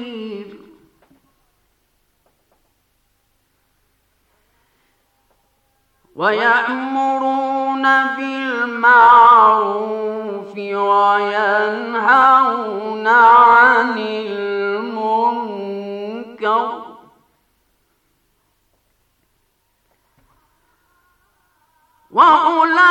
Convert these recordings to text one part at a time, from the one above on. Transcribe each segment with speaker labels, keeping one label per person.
Speaker 1: خير ويأمرون بالمعروف وينهون عن المنكر وأولئك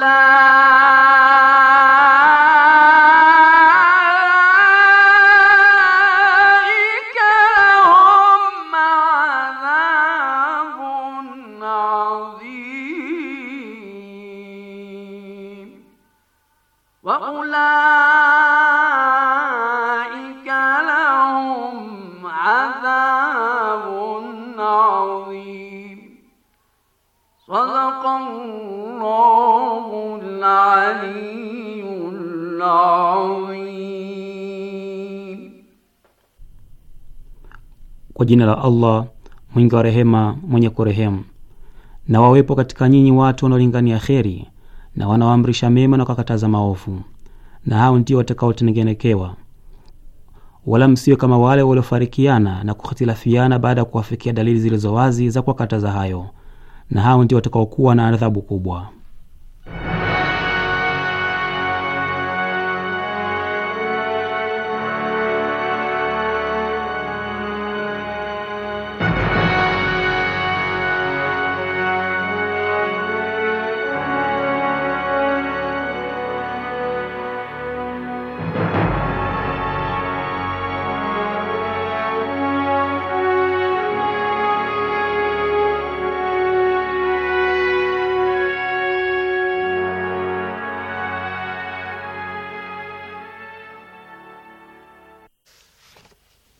Speaker 1: 啦。
Speaker 2: jina la Allah mwingi wa rehema, mwenye kurehemu. Na wawepo katika nyinyi watu wanaolingania kheri na wanaoamrisha mema na kukataza maovu, na hao ndio watakaotengenekewa. Wala msiwe kama wale waliofarikiana na kukhitilafiana baada ya kuwafikia dalili zilizo wazi za kuwakataza hayo, na hao ndio watakaokuwa na adhabu kubwa.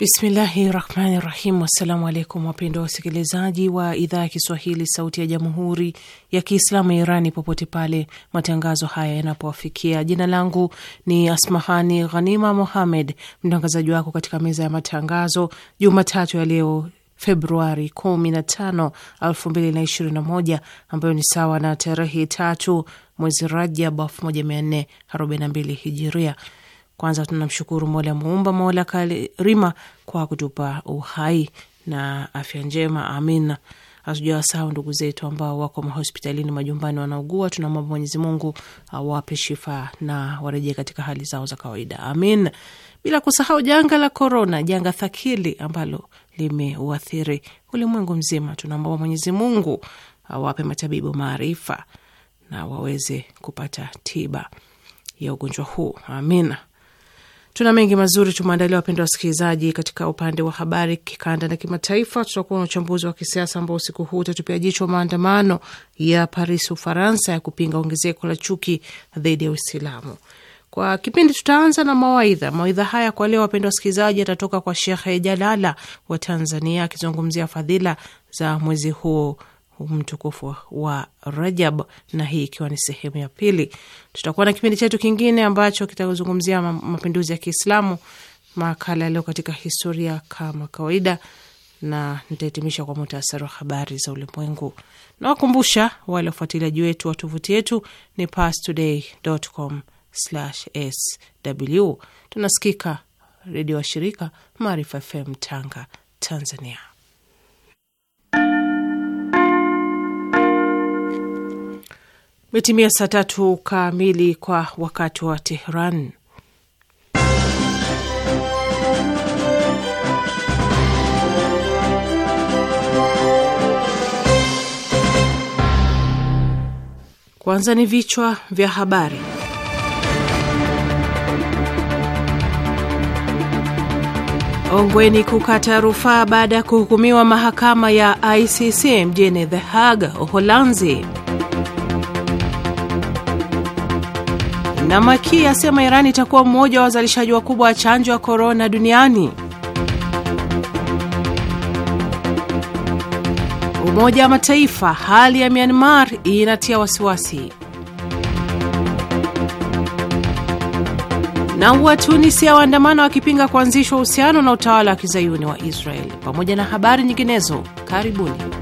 Speaker 3: Bismillahi rahmani rahim. Assalamu alaikum wapendwa wasikilizaji wa idhaa ya Kiswahili sauti ya jamhuri ya Kiislamu ya Irani popote pale matangazo haya yanapowafikia. Jina langu ni Asmahani Ghanima Mohamed, mtangazaji wako katika meza ya matangazo Jumatatu ya leo Februari 15, 2021 ambayo ni sawa na tarehe tatu mwezi Rajab 1442 hijiria. Kwanza tunamshukuru Mola Muumba, Mola Karima, kwa kutupa uhai na afya njema, amina. Hatujawasahau ndugu zetu ambao wako mahospitalini, majumbani, wanaugua. Tunamwomba Mwenyezi Mungu awape shifa na warejee katika hali zao za kawaida, amin. Bila kusahau janga la korona, janga thakili ambalo limeuathiri ulimwengu mzima. Tunamwomba Mwenyezi Mungu awape matabibu maarifa na waweze kupata tiba ya ugonjwa huu, amina. Tuna mengi mazuri tumeandalia wapendwa wasikilizaji. Katika upande wa habari kikanda na kimataifa, tutakuwa na uchambuzi wa kisiasa ambao usiku huu utatupia jicho maandamano ya Paris, Ufaransa, ya kupinga ongezeko la chuki dhidi ya Uislamu. Kwa kipindi tutaanza na mawaidha. Mawaidha haya kwa leo, wapendwa wasikilizaji, yatatoka kwa Shekhe Jalala wa Tanzania akizungumzia fadhila za mwezi huo mtukufu wa Rajab, na hii ikiwa ni sehemu ya pili. Tutakuwa na kipindi chetu kingine ambacho kitazungumzia mapinduzi ya Kiislamu, makala yaliyo katika historia kama kawaida, na nitahitimisha kwa muhtasari wa habari za ulimwengu. Nawakumbusha wale wafuatiliaji wetu wa tovuti yetu ni pastoday.com/sw. Tunasikika redio wa shirika Maarifa FM Tanga, Tanzania. Imetimia saa tatu kamili kwa wakati wa Tehran. Kwanza ni vichwa vya habari. Ongweni kukata rufaa baada ya kuhukumiwa mahakama ya ICC mjini The Hague, Uholanzi. Na Maki asema Iran itakuwa mmoja wa wazalishaji wakubwa wa chanjo ya korona duniani. Umoja wa Mataifa, hali ya Myanmar inatia wasiwasi. Na Watunisia waandamana wakipinga kuanzishwa uhusiano na utawala wa kizayuni wa Israeli, pamoja na habari nyinginezo. Karibuni.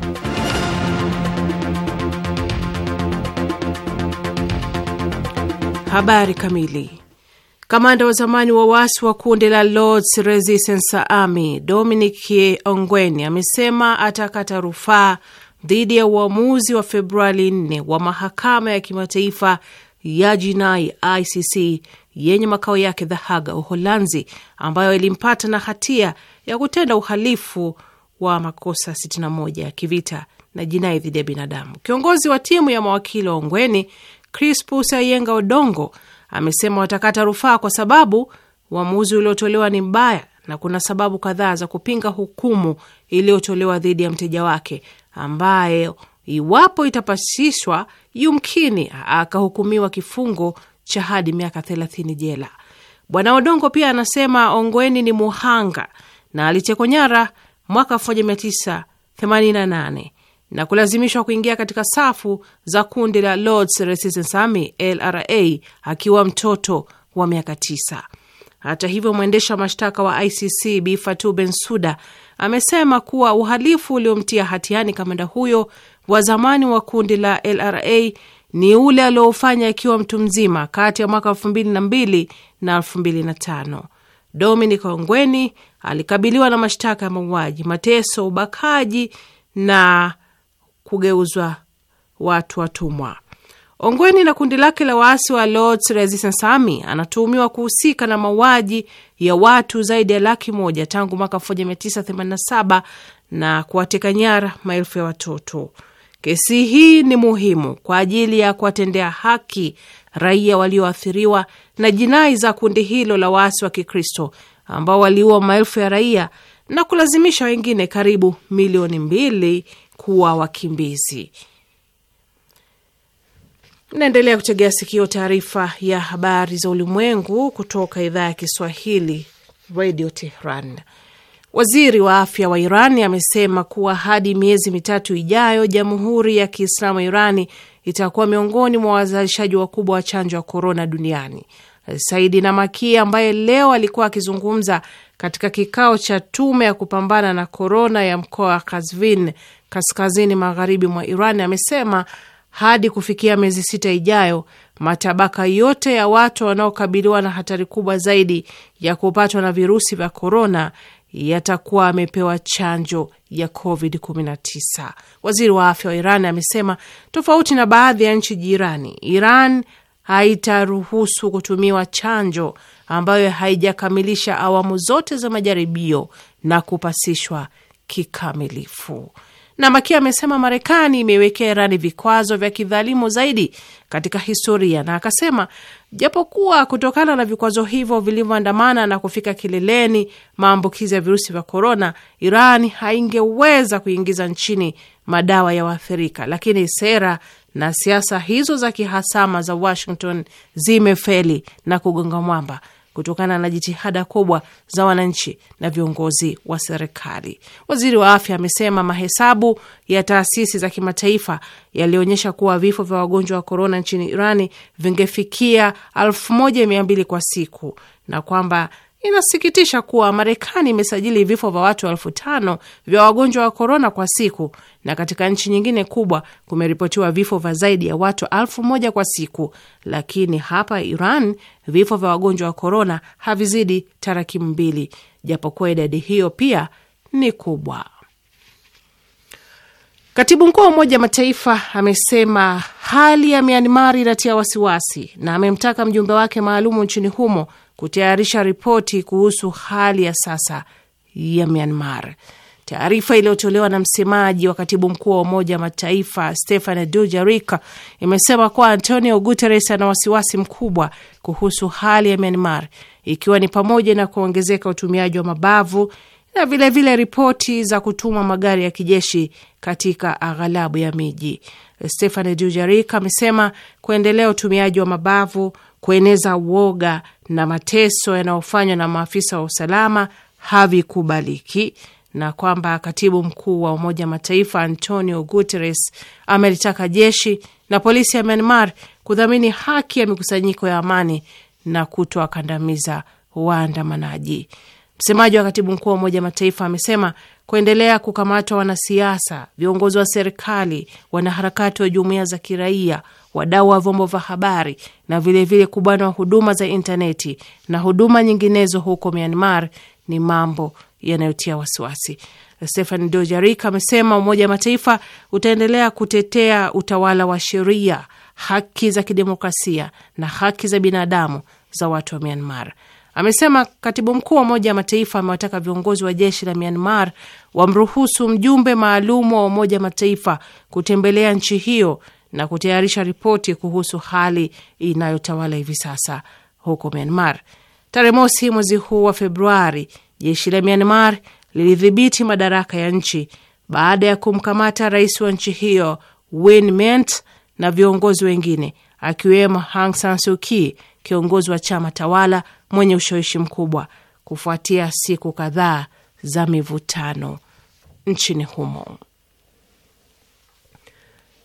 Speaker 3: Habari kamili. Kamanda wa zamani wa waasi wa kundi la Lords Resistance Army Dominic Ongwen amesema atakata rufaa dhidi ya uamuzi wa Februari 4 wa mahakama ya kimataifa ya jinai ICC yenye makao yake The Haga, Uholanzi, ambayo ilimpata na hatia ya kutenda uhalifu wa makosa 61 ya kivita na jinai dhidi ya binadamu. Kiongozi wa timu ya mawakili wa Ongweni Crispus Ayenga Odongo amesema watakata rufaa kwa sababu uamuzi uliotolewa ni mbaya na kuna sababu kadhaa za kupinga hukumu iliyotolewa dhidi ya mteja wake ambayo iwapo itapasishwa, yumkini akahukumiwa kifungo cha hadi miaka thelathini jela. Bwana Odongo pia anasema Ongweni ni muhanga na alitekwa nyara mwaka 1988 na kulazimishwa kuingia katika safu za kundi la Lords Resistance Army LRA akiwa mtoto wa miaka tisa. Hata hivyo, mwendesha mashtaka wa ICC Bi Fatou Bensouda amesema kuwa uhalifu uliomtia hatiani kamanda huyo wa zamani wa kundi la LRA ni ule aliofanya akiwa mtu mzima kati ya mwaka 2002 na 2005. Dominic ongweni alikabiliwa na mashtaka ya mauaji, mateso, ubakaji na kugeuzwa watu watumwa. Ongweni na kundi lake la waasi wa Lord's Resistance Army anatuhumiwa kuhusika na mauaji ya watu zaidi ya laki moja tangu mwaka 1987 na kuwateka nyara maelfu ya watoto. Kesi hii ni muhimu kwa ajili ya kuwatendea haki raia walioathiriwa na jinai za kundi hilo la waasi wa Kikristo ambao waliua maelfu ya raia na kulazimisha wengine karibu milioni mbili kuwa wakimbizi. Naendelea kutegea sikio taarifa ya habari za ulimwengu kutoka idhaa ya Kiswahili Radio Tehran. Waziri wa afya wa Iran amesema kuwa hadi miezi mitatu ijayo, Jamhuri ya Kiislamu Irani itakuwa miongoni mwa wazalishaji wakubwa wa chanjo ya korona duniani. Saidi Namaki ambaye leo alikuwa akizungumza katika kikao cha tume ya kupambana na korona ya mkoa wa Kazvin kaskazini magharibi mwa Iran amesema hadi kufikia miezi sita ijayo matabaka yote ya watu wanaokabiliwa na hatari kubwa zaidi ya kupatwa na virusi vya korona yatakuwa amepewa chanjo ya COVID-19. Waziri wa afya wa Iran amesema tofauti na baadhi ya nchi jirani, Iran haitaruhusu kutumiwa chanjo ambayo haijakamilisha awamu zote za majaribio na kupasishwa kikamilifu. Namaki amesema Marekani imewekea Irani vikwazo vya kidhalimu zaidi katika historia, na akasema japokuwa kutokana na vikwazo hivyo vilivyoandamana na kufika kileleni maambukizi ya virusi vya korona, iran haingeweza kuingiza nchini madawa ya waathirika, lakini sera na siasa hizo za kihasama za Washington zimefeli na kugonga mwamba kutokana na jitihada kubwa za wananchi na viongozi wa serikali. Waziri wa afya amesema mahesabu ya taasisi za kimataifa yalionyesha kuwa vifo vya wagonjwa wa korona nchini Irani vingefikia elfu moja mia mbili kwa siku na kwamba Inasikitisha kuwa Marekani imesajili vifo vya watu elfu tano vya wagonjwa wa korona kwa siku, na katika nchi nyingine kubwa kumeripotiwa vifo vya zaidi ya watu elfu moja kwa siku, lakini hapa Iran vifo vya wagonjwa wa korona havizidi tarakimu mbili, japokuwa idadi hiyo pia ni kubwa. Katibu mkuu wa Umoja Mataifa amesema hali ya Myanmar inatia wasiwasi na amemtaka mjumbe wake maalumu nchini humo kutayarisha ripoti kuhusu hali ya sasa ya Myanmar. Taarifa iliyotolewa na msemaji wa katibu mkuu wa Umoja wa Mataifa Stefan Dujarric imesema kuwa Antonio Guterres ana wasiwasi mkubwa kuhusu hali ya Myanmar, ikiwa ni pamoja na kuongezeka utumiaji wa mabavu na vilevile ripoti za kutuma magari ya kijeshi katika aghalabu ya miji. Stefan Dujarric amesema kuendelea utumiaji wa mabavu kueneza woga na mateso yanayofanywa na maafisa wa usalama havikubaliki na kwamba katibu mkuu wa Umoja wa Mataifa Antonio Guterres amelitaka jeshi na polisi ya Myanmar kudhamini haki ya mikusanyiko ya amani na kutowakandamiza waandamanaji. Msemaji wa katibu mkuu wa Umoja Mataifa amesema kuendelea kukamatwa wanasiasa, viongozi wa serikali, wanaharakati wa jumuiya za kiraia, wadau wa vyombo vya habari na vilevile kubanwa huduma za intaneti na huduma nyinginezo huko Myanmar ni mambo yanayotia wasiwasi. stehan Dojarik amesema Umoja wa Mataifa utaendelea kutetea utawala wa sheria, haki za kidemokrasia na haki za binadamu za watu wa Myanmar. Amesema katibu mkuu wa Umoja wa Mataifa amewataka viongozi wa jeshi la Myanmar wamruhusu mjumbe maalum wa Umoja wa Mataifa kutembelea nchi hiyo na kutayarisha ripoti kuhusu hali inayotawala hivi sasa huko Myanmar. Tarehe mosi mwezi huu wa Februari, jeshi la Myanmar lilidhibiti madaraka ya nchi baada ya kumkamata rais wa nchi hiyo Win Myint na viongozi wengine akiwemo Aung San Suu Kyi kiongozi wa chama tawala mwenye ushawishi mkubwa, kufuatia siku kadhaa za mivutano nchini humo.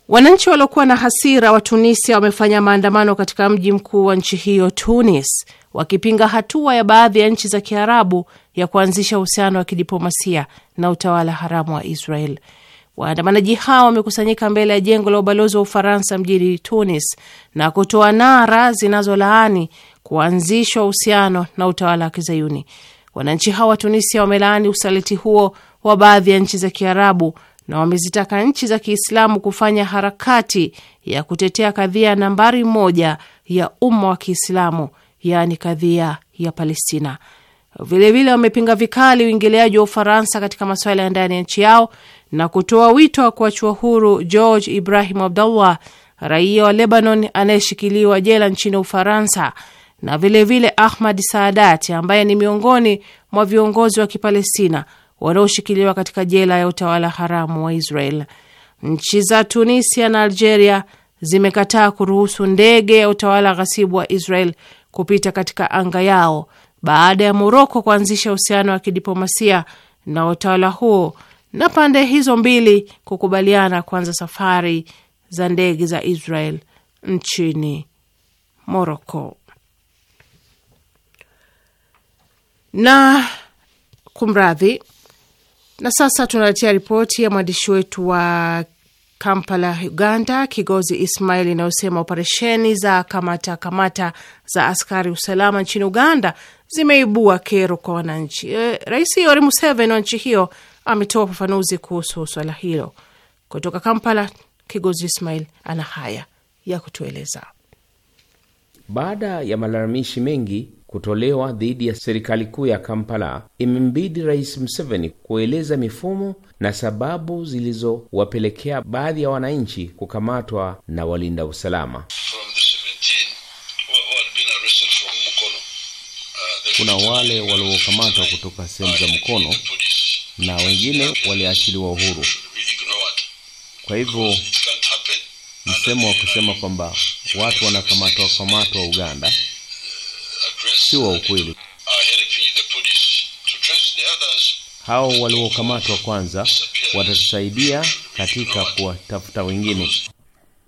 Speaker 3: Wananchi waliokuwa na hasira wa Tunisia wamefanya maandamano katika mji mkuu wa nchi hiyo Tunis, wakipinga hatua ya baadhi ya nchi za Kiarabu ya kuanzisha uhusiano wa kidiplomasia na utawala haramu wa Israel. Waandamanaji hao wamekusanyika mbele ya jengo la ubalozi wa Ufaransa mjini Tunis na kutoa nara zinazolaani kuanzishwa uhusiano na utawala wa Kizayuni. Wananchi hao wa Tunisia wamelaani usaliti huo wa baadhi ya nchi za Kiarabu na wamezitaka nchi za Kiislamu kufanya harakati ya kutetea kadhia nambari moja ya umma wa Kiislamu, yaani kadhia ya Palestina. Vilevile vile wamepinga vikali uingiliaji wa Ufaransa katika masuala ya ndani ya nchi yao na kutoa wito wa kuachiwa huru George Ibrahim abdullah raia wa Lebanon anayeshikiliwa jela nchini Ufaransa, na vilevile vile Ahmad Saadati ambaye ni miongoni mwa viongozi wa Kipalestina wanaoshikiliwa katika jela ya utawala haramu wa Israel. Nchi za Tunisia na Algeria zimekataa kuruhusu ndege ya utawala ghasibu wa Israel kupita katika anga yao baada ya Moroko kuanzisha uhusiano wa kidiplomasia na utawala huo na pande hizo mbili kukubaliana kuanza safari za ndege za Israel nchini Moroko. Na kumradhi, na sasa tunaletia ripoti ya mwandishi wetu wa Kampala, Uganda, Kigozi Ismail, inayosema operesheni za kamata kamata za askari usalama nchini Uganda zimeibua kero kwa wananchi. E, Rais Yoweri Museveni wa nchi hiyo ametoa ufafanuzi kuhusu swala hilo. Kutoka Kampala, Kigozi Ismail ana haya ya kutueleza.
Speaker 2: Baada ya malalamishi mengi kutolewa dhidi ya serikali kuu ya Kampala, imembidi Rais Museveni kueleza mifumo na sababu zilizowapelekea baadhi ya wananchi kukamatwa na walinda usalama. Uh, Kuna wale waliokamatwa kutoka sehemu uh, za Mkono na wengine waliachiliwa uhuru. Kwa hivyo msemo wa kusema kwamba watu wanakamatwa kamatwa Uganda si wa ukweli. Hao waliokamatwa kwanza watatusaidia katika kuwatafuta wengine.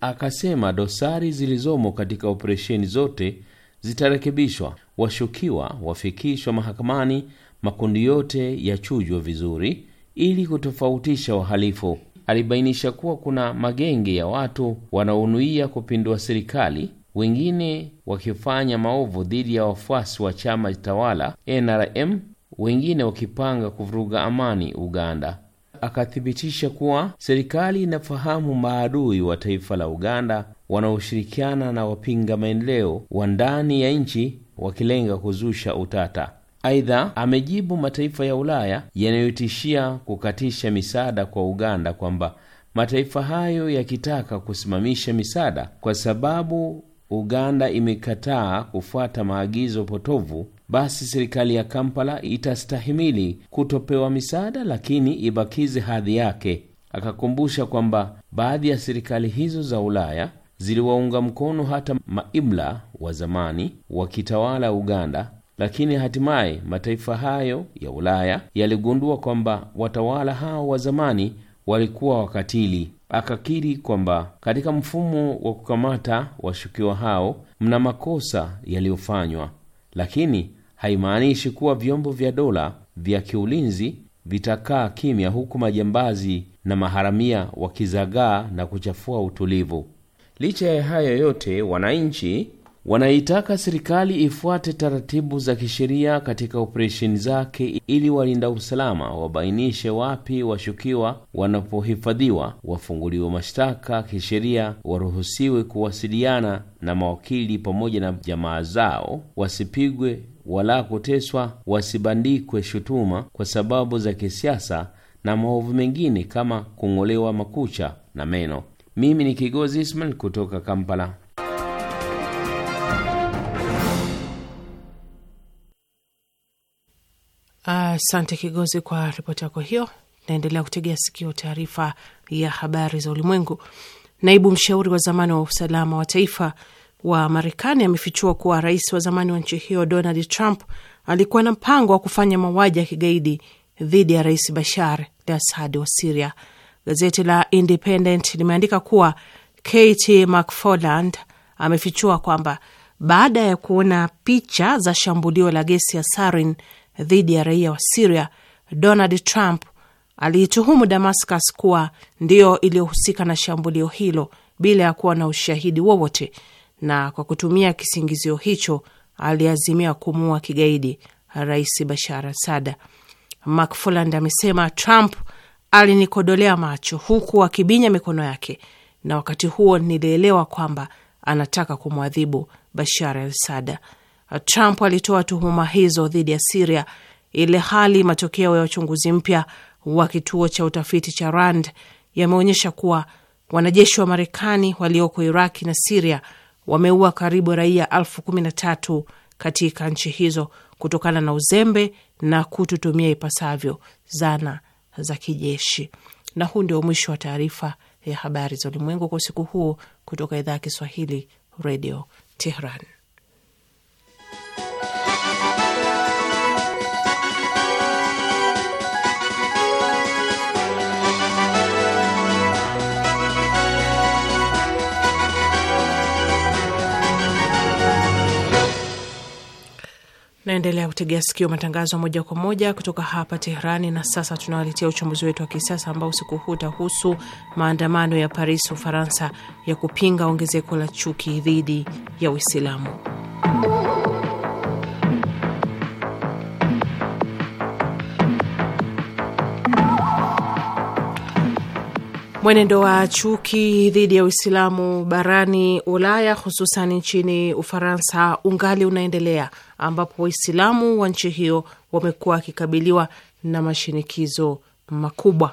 Speaker 2: Akasema dosari zilizomo katika operesheni zote zitarekebishwa, washukiwa wafikishwa mahakamani makundi yote yachujwe vizuri ili kutofautisha wahalifu. Alibainisha kuwa kuna magenge ya watu wanaonuia kupindua serikali, wengine wakifanya maovu dhidi ya wafuasi wa chama tawala NRM, wengine wakipanga kuvuruga amani Uganda. Akathibitisha kuwa serikali inafahamu maadui wa taifa la Uganda wanaoshirikiana na wapinga maendeleo wa ndani ya nchi wakilenga kuzusha utata. Aidha, amejibu mataifa ya Ulaya yanayotishia kukatisha misaada kwa Uganda kwamba mataifa hayo yakitaka kusimamisha misaada kwa sababu Uganda imekataa kufuata maagizo potovu, basi serikali ya Kampala itastahimili kutopewa misaada, lakini ibakize hadhi yake. Akakumbusha kwamba baadhi ya serikali hizo za Ulaya ziliwaunga mkono hata maimla wa zamani wakitawala Uganda lakini hatimaye mataifa hayo ya Ulaya yaligundua kwamba watawala hao wa zamani walikuwa wakatili. Akakiri kwamba katika mfumo wa kukamata washukiwa hao mna makosa yaliyofanywa, lakini haimaanishi kuwa vyombo vya dola vya kiulinzi vitakaa kimya huku majambazi na maharamia wakizagaa na kuchafua utulivu. Licha ya hayo yote, wananchi wanaitaka serikali ifuate taratibu za kisheria katika operesheni zake ili walinda usalama wabainishe wapi washukiwa wanapohifadhiwa, wafunguliwe mashtaka kisheria, waruhusiwe kuwasiliana na mawakili pamoja na jamaa zao, wasipigwe wala kuteswa, wasibandikwe shutuma kwa sababu za kisiasa na maovu mengine kama kung'olewa makucha na meno. Mimi ni Kigozi Ismail kutoka Kampala.
Speaker 3: Asante uh, Kigozi, kwa ripoti yako hiyo. Naendelea kutegea sikio taarifa ya habari za ulimwengu. Naibu mshauri wa zamani wa usalama wa taifa wa Marekani amefichua kuwa rais wa zamani wa nchi hiyo Donald Trump alikuwa na mpango wa kufanya mauaji ya kigaidi dhidi ya rais Bashar al Assad wa Siria. Gazeti la Independent limeandika kuwa Katie McFarland amefichua kwamba baada ya kuona picha za shambulio la gesi ya sarin dhidi ya raia wa Siria, Donald Trump aliituhumu Damascus kuwa ndiyo iliyohusika na shambulio hilo bila ya kuwa na ushahidi wowote, na kwa kutumia kisingizio hicho aliazimia kumuua kigaidi Rais Bashar Asada. Macfarland amesema Trump alinikodolea macho huku akibinya mikono yake, na wakati huo nilielewa kwamba anataka kumwadhibu Bashar al Sada. Uh, Trump alitoa tuhuma hizo dhidi ya Siria ile hali matokeo ya uchunguzi mpya wa kituo cha utafiti cha Rand yameonyesha kuwa wanajeshi wa Marekani walioko Iraki na Siria wameua karibu raia elfu kumi na tatu katika nchi hizo kutokana na uzembe na kututumia ipasavyo zana za kijeshi. Na huu ndio mwisho wa taarifa ya habari za ulimwengu kwa usiku huu kutoka idhaa ya Kiswahili, Radio Tehran. Naendelea kutegea sikio matangazo moja kwa moja kutoka hapa Teherani. Na sasa tunawaletea uchambuzi wetu wa kisiasa ambao usiku huu utahusu maandamano ya Paris, Ufaransa, ya kupinga ongezeko la chuki dhidi ya Uislamu. Mwenendo wa chuki dhidi ya Uislamu barani Ulaya, hususan nchini Ufaransa, ungali unaendelea ambapo Waislamu wa nchi hiyo wamekuwa wakikabiliwa na mashinikizo makubwa.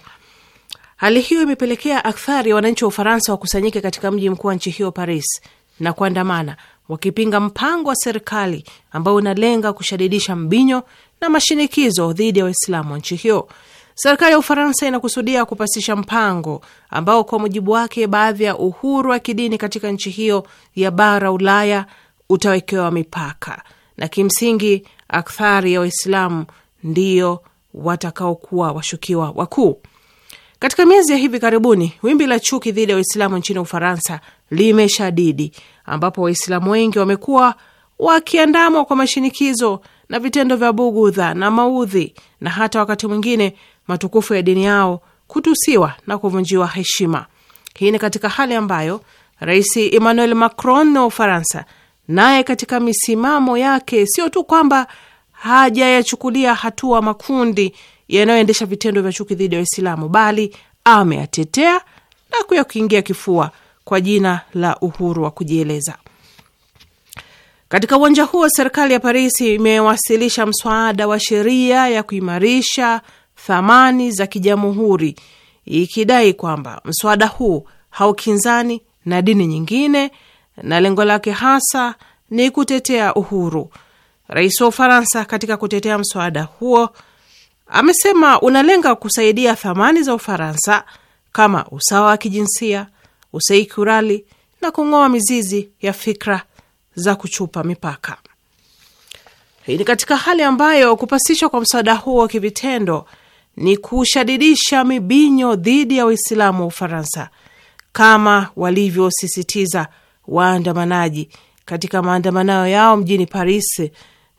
Speaker 3: Hali hiyo imepelekea akthari ya wananchi wa Ufaransa wakusanyike katika mji mkuu wa nchi hiyo Paris na kuandamana wakipinga mpango wa serikali ambao unalenga kushadidisha mbinyo na mashinikizo dhidi ya Waislamu wa nchi hiyo. Serikali ya Ufaransa inakusudia kupasisha mpango ambao kwa mujibu wake baadhi ya uhuru wa kidini katika nchi hiyo ya bara Ulaya utawekewa mipaka na kimsingi akthari ya Waislamu ndiyo watakaokuwa washukiwa wakuu. Katika miezi ya hivi karibuni, wimbi la chuki dhidi ya Waislamu nchini Ufaransa limeshadidi, ambapo Waislamu wengi wamekuwa wakiandamwa kwa mashinikizo na vitendo vya bugudha na maudhi na hata wakati mwingine matukufu ya dini yao kutusiwa na kuvunjiwa heshima. Hii ni katika hali ambayo Rais Emmanuel Macron wa Ufaransa Naye katika misimamo yake sio tu kwamba hajayachukulia hatua makundi yanayoendesha vitendo vya chuki dhidi ya Waislamu, bali ameyatetea na kuingia kifua kwa jina la uhuru wa kujieleza. Katika uwanja huo, serikali ya Paris imewasilisha mswada wa sheria ya kuimarisha thamani za kijamhuri, ikidai kwamba mswada huu haukinzani na dini nyingine na lengo lake hasa ni kutetea uhuru. Rais wa Ufaransa katika kutetea mswada huo amesema unalenga kusaidia thamani za Ufaransa kama usawa wa kijinsia, useikurali na kung'oa mizizi ya fikra za kuchupa mipaka. Hii ni katika hali ambayo kupasishwa kwa mswada huo kivitendo ni kushadidisha mibinyo dhidi ya Waislamu wa Ufaransa kama walivyosisitiza waandamanaji katika maandamano yao mjini Paris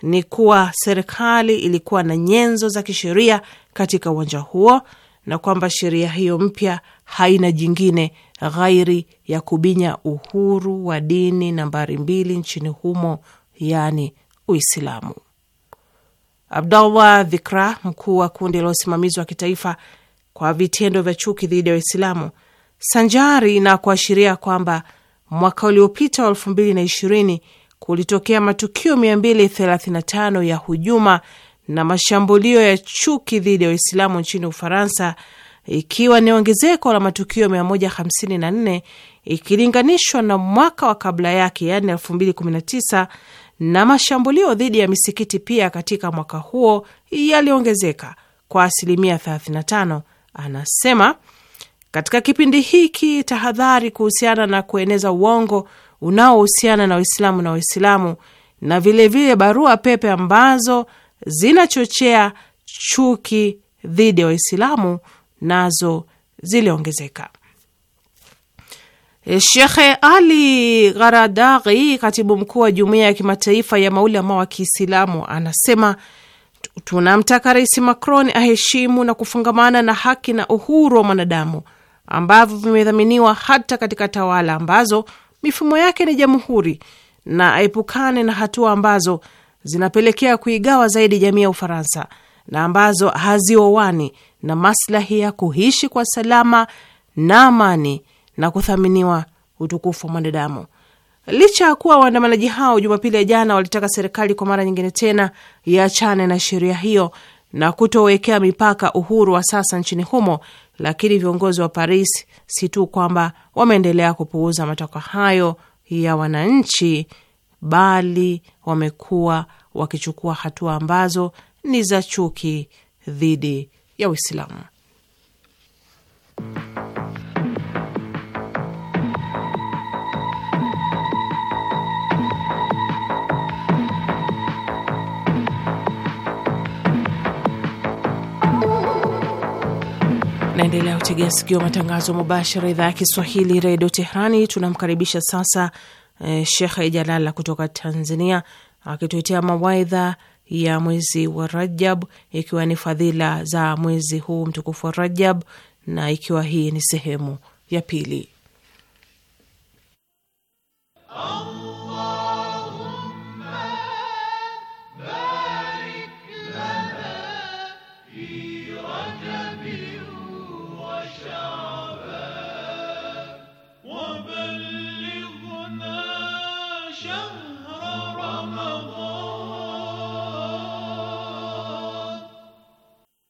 Speaker 3: ni kuwa serikali ilikuwa na nyenzo za kisheria katika uwanja huo na kwamba sheria hiyo mpya haina jingine ghairi ya kubinya uhuru wa dini nambari mbili nchini humo, yaani Uislamu. Abdallah Dhikra, mkuu wa kundi la usimamizi wa kitaifa kwa vitendo vya chuki dhidi ya Waislamu, sanjari na kuashiria kwamba mwaka uliopita wa 2020 kulitokea matukio 235 ya hujuma na mashambulio ya chuki dhidi ya Waislamu nchini Ufaransa, ikiwa ni ongezeko la matukio 154 ikilinganishwa na mwaka wa kabla yake, yaani 2019 na mashambulio dhidi ya misikiti pia katika mwaka huo yaliongezeka kwa asilimia 35, anasema katika kipindi hiki, tahadhari kuhusiana na kueneza uongo unaohusiana na Uislamu na Waislamu na vilevile vile barua pepe ambazo zinachochea chuki dhidi ya Waislamu nazo ziliongezeka. Eh, Shekhe Ali Gharadaghi, katibu mkuu wa jumuiya ya kimataifa ya maulama wa Kiislamu, anasema tunamtaka Rais Macron aheshimu na kufungamana na haki na uhuru wa mwanadamu ambavyo vimedhaminiwa hata katika tawala ambazo mifumo yake ni jamhuri, na aepukane na hatua ambazo zinapelekea kuigawa zaidi jamii ya Ufaransa na ambazo haziowani na maslahi ya kuishi kwa salama na amani na kuthaminiwa utukufu wa mwanadamu. Licha ya kuwa waandamanaji hao Jumapili ya jana walitaka serikali kwa mara nyingine tena iachane na sheria hiyo na kutowekea mipaka uhuru wa sasa nchini humo, lakini viongozi wa Paris si tu kwamba wameendelea kupuuza matakwa hayo ya wananchi, bali wamekuwa wakichukua hatua ambazo ni za chuki dhidi ya Uislamu. Naendelea kutegea sikio matangazo mubashara idhaa ya Kiswahili redio Tehrani. Tunamkaribisha sasa eh, Shekhe Jalala kutoka Tanzania akitwetea mawaidha ya mwezi wa Rajab, ikiwa ni fadhila za mwezi huu mtukufu wa Rajab, na ikiwa hii ni sehemu ya pili.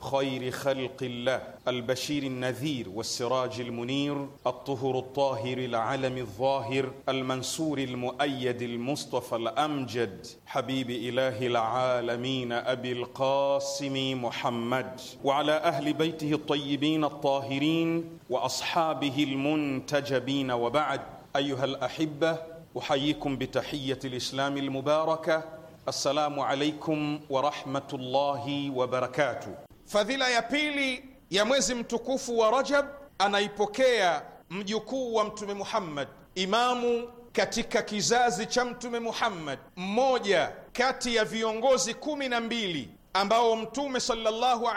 Speaker 4: خير خلق الله البشير النذير والسراج المنير الطهر الطاهر العلم الظاهر المنصور المؤيد المصطفى الأمجد حبيب إله العالمين أبي القاسم محمد وعلى أهل بيته الطيبين الطاهرين وأصحابه المنتجبين وبعد أيها الأحبة أحييكم بتحية الإسلام المباركة السلام عليكم ورحمة الله وبركاته Fadhila ya pili ya mwezi mtukufu wa Rajab anaipokea mjukuu wa Mtume Muhammad, imamu katika kizazi cha Mtume Muhammad, mmoja kati ya viongozi kumi na mbili ambao Mtume sallallahu wa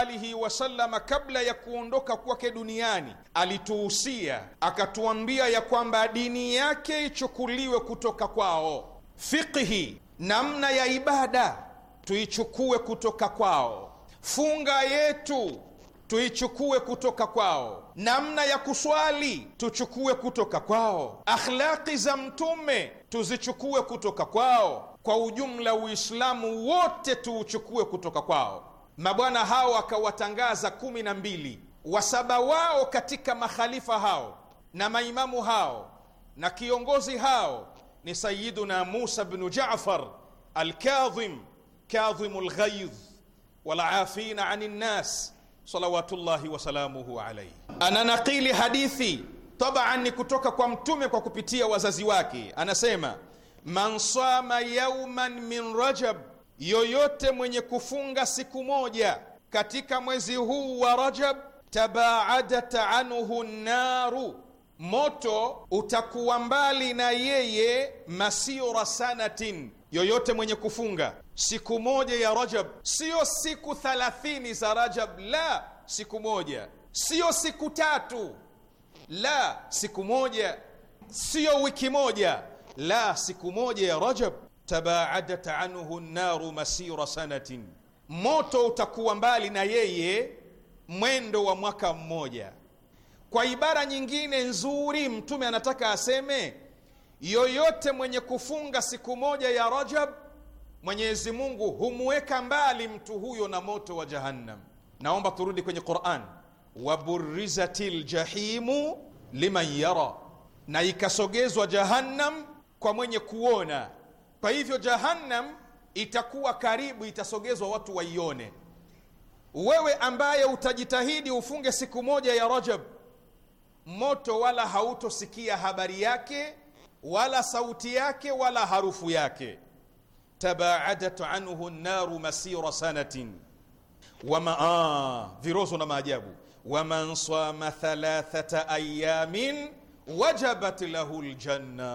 Speaker 4: alihi wasallama kabla ya kuondoka kwake duniani alituhusia akatuambia ya kwamba dini yake ichukuliwe kutoka kwao, fiqhi, namna ya ibada tuichukue kutoka kwao funga yetu tuichukue kutoka kwao, namna ya kuswali tuchukue kutoka kwao, akhlaqi za Mtume tuzichukue kutoka kwao. Kwa ujumla, Uislamu wote tuuchukue kutoka kwao. Mabwana hao akawatangaza kumi na mbili, wasaba wao katika makhalifa hao na maimamu hao na kiongozi hao ni Sayiduna Musa bnu Jafar Alkadhim, kadhimu lghaidh walafina ani nnas salawatullahi wasalamuhu alaihi. naqili hadithi taban ni kutoka kwa Mtume kwa kupitia wazazi wake, anasema man sama yauman min Rajab, yoyote mwenye kufunga siku moja katika mwezi huu wa Rajab, tabaadat anhu nnaru, moto utakuwa mbali na yeye masira sanatin yoyote mwenye kufunga siku moja ya Rajab, siyo siku thalathini za Rajab, la siku moja, siyo siku tatu, la siku moja, siyo wiki moja, la siku moja ya Rajab, tabaadat anhu naru masira sanatin, moto utakuwa mbali na yeye mwendo wa mwaka mmoja. Kwa ibara nyingine nzuri, Mtume anataka aseme yoyote mwenye kufunga siku moja ya Rajab, Mwenyezi Mungu humweka mbali mtu huyo na moto wa Jahannam. Naomba turudi kwenye Qur'an, waburizati jahimu liman yara, na ikasogezwa Jahannam kwa mwenye kuona. Kwa hivyo Jahannam itakuwa karibu, itasogezwa watu waione. Wewe ambaye utajitahidi ufunge siku moja ya Rajab, moto wala hautosikia habari yake wala sauti yake wala harufu yake. Tabaadat anhu naru masira sanatin wama, ah, virozo na maajabu. Waman sama thalathata ayamin wajabat lahu ljanna,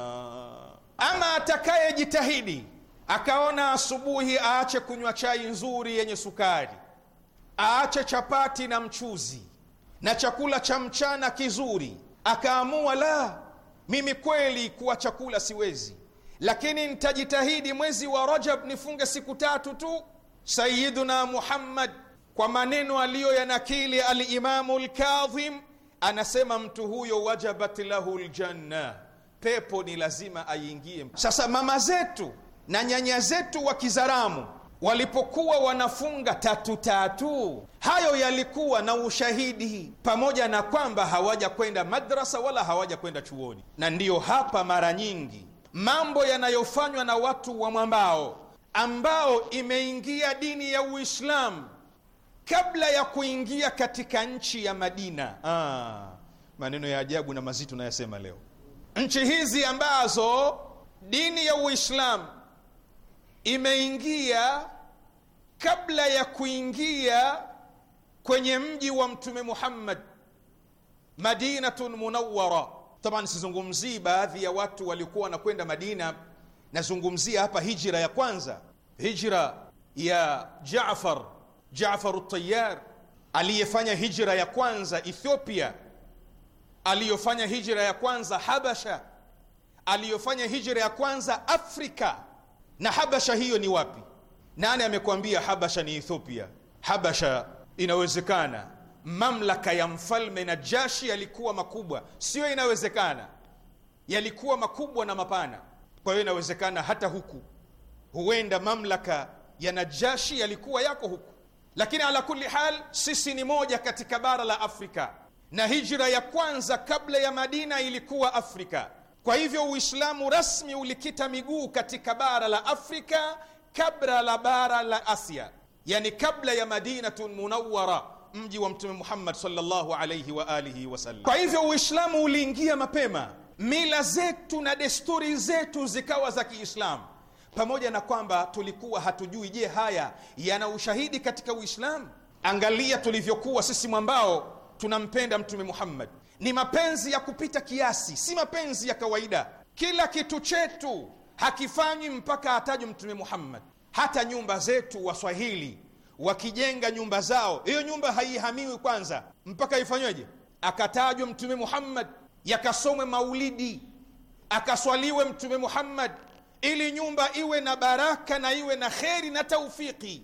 Speaker 4: ama atakayejitahidi akaona asubuhi aache kunywa chai nzuri yenye sukari, aache chapati na mchuzi na chakula cha mchana kizuri, akaamua la mimi kweli kuwa chakula siwezi, lakini nitajitahidi mwezi wa Rajab nifunge siku tatu tu. Sayiduna Muhammad kwa maneno aliyo yanakili Alimamu Lkadhim anasema mtu huyo wajabat lahu ljanna, pepo ni lazima aingie. Sasa mama zetu na nyanya zetu wa Kizaramu walipokuwa wanafunga tatu tatu. Hayo yalikuwa na ushahidi, pamoja na kwamba hawaja kwenda madrasa wala hawaja kwenda chuoni. Na ndiyo hapa mara nyingi mambo yanayofanywa na watu wa mwambao ambao imeingia dini ya Uislamu kabla ya kuingia katika nchi ya Madina. Ah, maneno ya ajabu na mazito nayasema leo. Nchi hizi ambazo dini ya Uislamu imeingia kabla ya kuingia kwenye mji wa mtume Muhammad Madinatun Munawwara. Taban, sizungumzii baadhi ya watu walikuwa wanakwenda Madina, nazungumzia hapa hijra ya kwanza, hijra ya Jaafar Jaafar at-Tayyar aliyefanya hijra ya kwanza Ethiopia, aliyofanya hijra ya kwanza Habasha, aliyofanya hijra ya kwanza Afrika. Na Habasha hiyo ni wapi? Nani amekwambia Habasha ni Ethiopia? Habasha inawezekana. Mamlaka ya mfalme Najashi yalikuwa makubwa, sio inawezekana, yalikuwa makubwa na mapana. Kwa hiyo inawezekana hata huku, huenda mamlaka ya Najashi yalikuwa yako huku, lakini ala kulli hal, sisi ni moja katika bara la Afrika, na hijra ya kwanza kabla ya Madina ilikuwa Afrika. Kwa hivyo Uislamu rasmi ulikita miguu katika bara la Afrika kabla la bara la Asia, yani kabla ya Madinatun Munawwara, mji wa Mtume Muhammad sallallahu alayhi wa alihi wasallam. Kwa hivyo Uislamu uliingia mapema, mila zetu na desturi zetu zikawa za Kiislamu, pamoja na kwamba tulikuwa hatujui. Je, haya yana ushahidi katika Uislamu? Angalia tulivyokuwa sisi mwambao tunampenda Mtume Muhammad, ni mapenzi ya kupita kiasi, si mapenzi ya kawaida. Kila kitu chetu hakifanywi mpaka atajwe Mtume Muhammad. Hata nyumba zetu Waswahili wakijenga nyumba zao, hiyo nyumba haihamiwi kwanza mpaka ifanyweje? Akatajwe Mtume Muhammad, yakasomwe maulidi, akaswaliwe Mtume Muhammad, ili nyumba iwe na baraka na iwe na kheri na taufiki.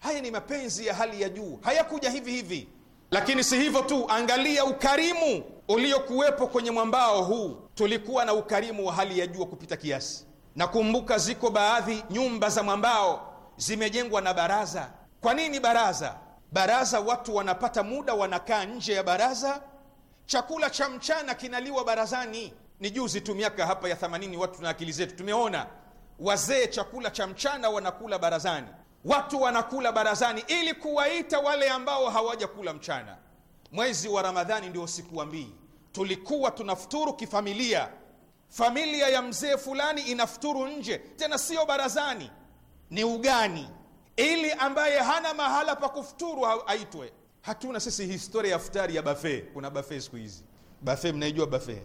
Speaker 4: Haya ni mapenzi ya hali ya juu, hayakuja hivi hivi. Lakini si hivyo tu, angalia ukarimu uliokuwepo kwenye mwambao huu tulikuwa na ukarimu wa hali ya juu kupita kiasi. Nakumbuka ziko baadhi nyumba za mwambao zimejengwa na baraza. Kwa nini baraza? Baraza watu wanapata muda, wanakaa nje ya baraza, chakula cha mchana kinaliwa barazani. Ni juzi tu miaka hapa ya themanini, watu na akili zetu tumeona wazee chakula cha mchana wanakula barazani, watu wanakula barazani ili kuwaita wale ambao hawajakula mchana. Mwezi wa Ramadhani ndio mbili tulikuwa tunafuturu kifamilia. Familia ya mzee fulani inafuturu nje, tena sio barazani, ni ugani, ili ambaye hana mahala pa kufuturu aitwe. Hatuna sisi historia ya futari ya bafe. Kuna bafe siku hizi, bafe mnaijua bafe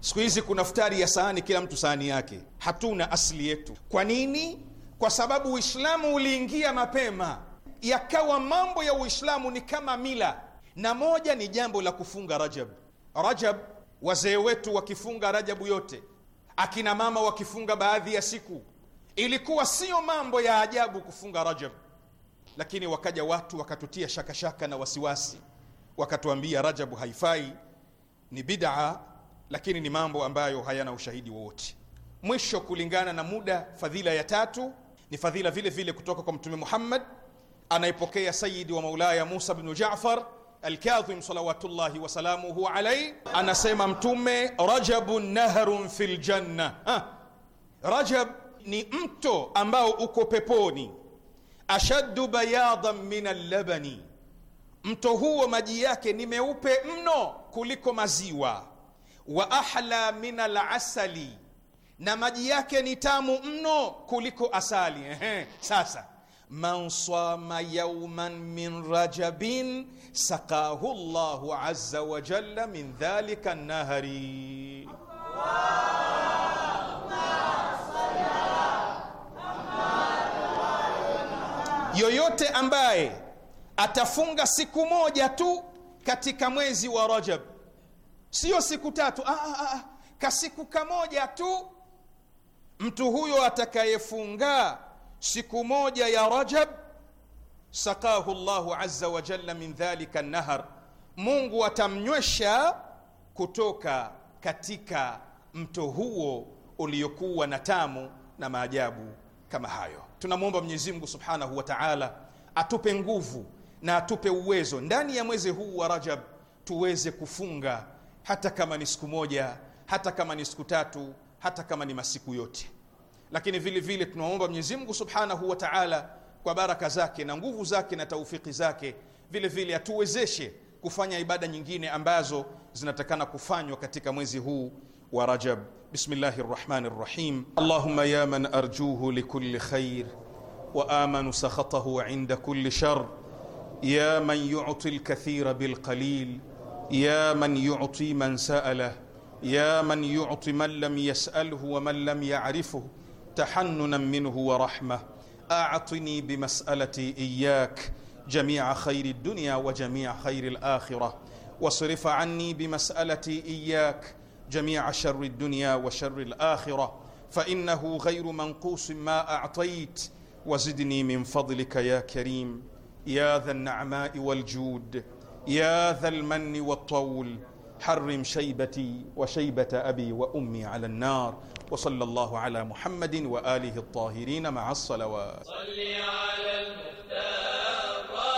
Speaker 4: siku hizi kuna futari ya sahani, kila mtu sahani yake. Hatuna asili yetu. Kwa nini? Kwa sababu Uislamu uliingia mapema, yakawa mambo ya Uislamu ni kama mila, na moja ni jambo la kufunga Rajab. Rajab, wazee wetu wakifunga Rajabu yote, akina mama wakifunga baadhi ya siku, ilikuwa sio mambo ya ajabu kufunga Rajab, lakini wakaja watu wakatutia shakashaka shaka na wasiwasi, wakatuambia Rajabu haifai, ni bid'a, lakini ni mambo ambayo hayana ushahidi wowote. Mwisho, kulingana na muda, fadhila ya tatu ni fadhila vile vile kutoka kwa Mtume Muhammad, anaipokea Sayyidi wa Maulaya Musa bin Jaafar Alkadhim salawatullahi wasalamuhu alaihi anasema Mtume, rajabu naharun fi ljanna. Ah, rajab ni mto ambao uko peponi. Ashaddu bayadan min allabani, mto huo maji yake ni meupe mno kuliko maziwa. Wa ahla min alasali, na maji yake ni tamu mno kuliko asali. Ehe, sasa man sama yauman min rajabin sakahu llahu azza wa jalla min dhalika nahari. Yoyote ambaye atafunga siku moja tu katika mwezi wa Rajab, siyo siku tatu, ah, ah, ah, ah, kasiku kamoja tu, mtu huyo atakayefunga siku moja ya Rajab sakahu Allahu azza wa jalla min dhalika nahar, Mungu atamnywesha kutoka katika mto huo uliokuwa na tamu na maajabu kama hayo. Tunamwomba Mwenyezi Mungu subhanahu wa taala atupe nguvu na atupe uwezo ndani ya mwezi huu wa Rajab tuweze kufunga hata kama ni siku moja, hata kama ni siku tatu, hata kama ni masiku yote lakini vile vile tunamwomba Mwenyezi Mungu Subhanahu wa Ta'ala kwa baraka zake na nguvu zake na taufiki zake, vile vile atuwezeshe kufanya ibada nyingine ambazo zinatakana kufanywa katika mwezi huu wa Rajab. Bismillahir Rahmanir Rahim. Allahumma ya man arjuhu likulli khair wa amanu sakhatahu inda kulli shar ya man yu'ti al-kathira bil qalil ya man yu'ti man sa'alah ya man yu'ti man lam yas'alhu wa man lam ya'rifhu تحننا منه ورحمه اعطني بمسالتي اياك جميع خير الدنيا وجميع خير الاخره واصرف عني بمسالتي اياك جميع شر الدنيا وشر الاخره فانه غير منقوص ما اعطيت وزدني من فضلك يا كريم يا ذا النعماء والجود يا ذا المن والطول حرم شيبتي وشيبه ابي وامي على النار وصلى الله على محمد وآله الطاهرين مع الصلوات
Speaker 1: صلي على المختار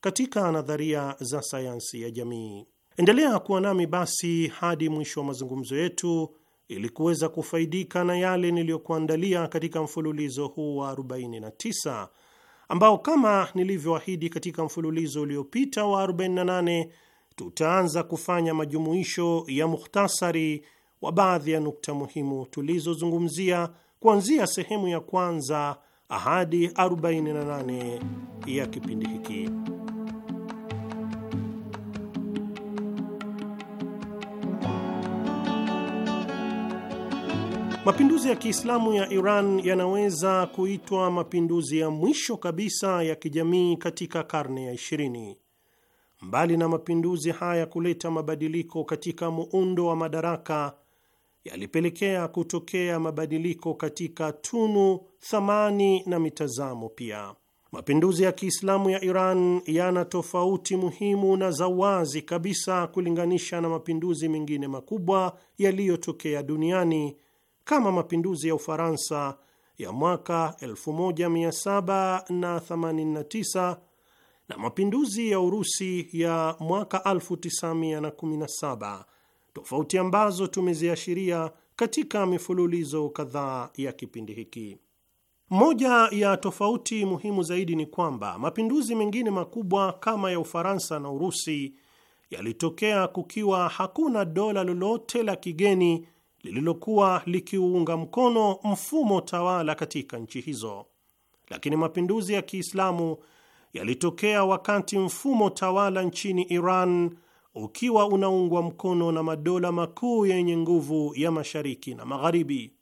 Speaker 5: katika nadharia za sayansi ya jamii. Endelea kuwa nami basi hadi mwisho wa mazungumzo yetu ili kuweza kufaidika na yale niliyokuandalia katika mfululizo huu wa 49 ambao kama nilivyoahidi katika mfululizo uliopita wa 48 tutaanza kufanya majumuisho ya mukhtasari wa baadhi ya nukta muhimu tulizozungumzia kuanzia sehemu ya kwanza ahadi 48 ya kipindi hiki. Mapinduzi ya Kiislamu ya Iran yanaweza kuitwa mapinduzi ya mwisho kabisa ya kijamii katika karne ya 20. Mbali na mapinduzi haya kuleta mabadiliko katika muundo wa madaraka yalipelekea kutokea mabadiliko katika tunu, thamani na mitazamo pia. Mapinduzi ya Kiislamu ya Iran yana tofauti muhimu na za wazi kabisa kulinganisha na mapinduzi mengine makubwa yaliyotokea duniani kama mapinduzi ya Ufaransa ya mwaka 1789 na mapinduzi ya Urusi ya mwaka 1917 tofauti ambazo tumeziashiria katika mifululizo kadhaa ya kipindi hiki. Moja ya tofauti muhimu zaidi ni kwamba mapinduzi mengine makubwa kama ya Ufaransa na Urusi yalitokea kukiwa hakuna dola lolote la kigeni lililokuwa likiuunga mkono mfumo tawala katika nchi hizo, lakini mapinduzi ya Kiislamu yalitokea wakati mfumo tawala nchini Iran ukiwa unaungwa mkono na madola makuu yenye nguvu ya mashariki na magharibi.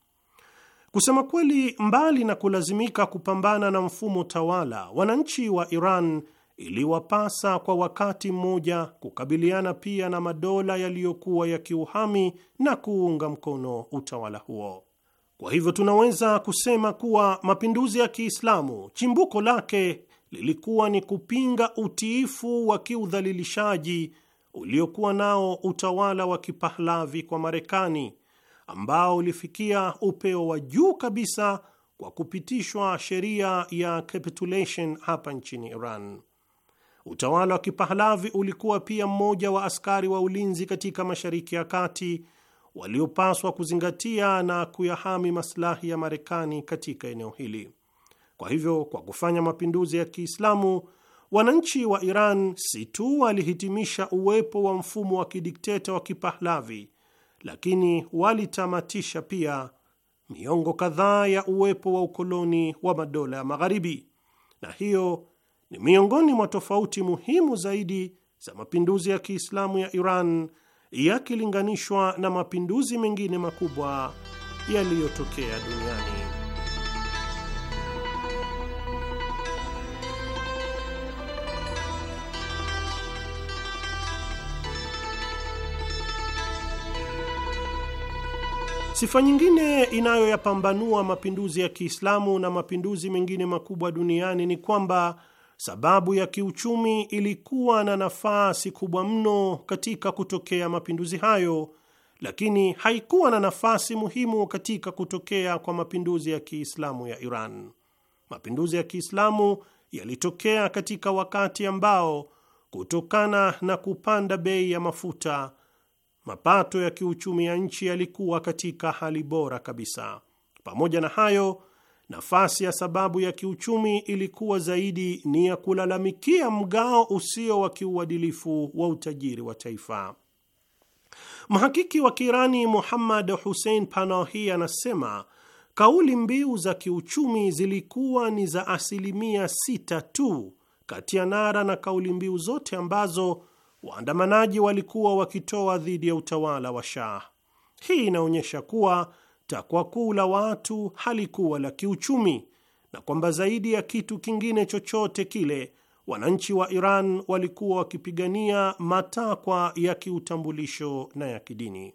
Speaker 5: Kusema kweli, mbali na kulazimika kupambana na mfumo tawala, wananchi wa Iran iliwapasa kwa wakati mmoja kukabiliana pia na madola yaliyokuwa yakiuhami na kuunga mkono utawala huo. Kwa hivyo tunaweza kusema kuwa mapinduzi ya Kiislamu chimbuko lake lilikuwa ni kupinga utiifu wa kiudhalilishaji uliokuwa nao utawala wa Kipahlavi kwa Marekani ambao ulifikia upeo wa juu kabisa kwa kupitishwa sheria ya capitulation hapa nchini Iran. Utawala wa Kipahlavi ulikuwa pia mmoja wa askari wa ulinzi katika Mashariki ya Kati waliopaswa kuzingatia na kuyahami maslahi ya Marekani katika eneo hili. Kwa hivyo, kwa kufanya mapinduzi ya Kiislamu Wananchi wa Iran si tu walihitimisha uwepo wa mfumo wa kidikteta wa Kipahlavi, lakini walitamatisha pia miongo kadhaa ya uwepo wa ukoloni wa madola ya Magharibi, na hiyo ni miongoni mwa tofauti muhimu zaidi za mapinduzi ya Kiislamu ya Iran yakilinganishwa na mapinduzi mengine makubwa yaliyotokea duniani. Sifa nyingine inayoyapambanua mapinduzi ya Kiislamu na mapinduzi mengine makubwa duniani ni kwamba sababu ya kiuchumi ilikuwa na nafasi kubwa mno katika kutokea mapinduzi hayo, lakini haikuwa na nafasi muhimu katika kutokea kwa mapinduzi ya Kiislamu ya Iran. Mapinduzi ya Kiislamu yalitokea katika wakati ambao, kutokana na kupanda bei ya mafuta mapato ya kiuchumi ya nchi yalikuwa katika hali bora kabisa. Pamoja na hayo, nafasi ya sababu ya kiuchumi ilikuwa zaidi ni ya kulalamikia mgao usio wa kiuadilifu wa utajiri wa taifa. Mhakiki wa kirani Muhammad Hussein Panahi anasema kauli mbiu za kiuchumi zilikuwa ni za asilimia sita tu kati ya nara na kauli mbiu zote ambazo waandamanaji walikuwa wakitoa dhidi ya utawala wa Shah. Hii inaonyesha kuwa takwa kuu la watu halikuwa la kiuchumi na kwamba zaidi ya kitu kingine chochote kile wananchi wa Iran walikuwa wakipigania matakwa ya kiutambulisho na ya kidini.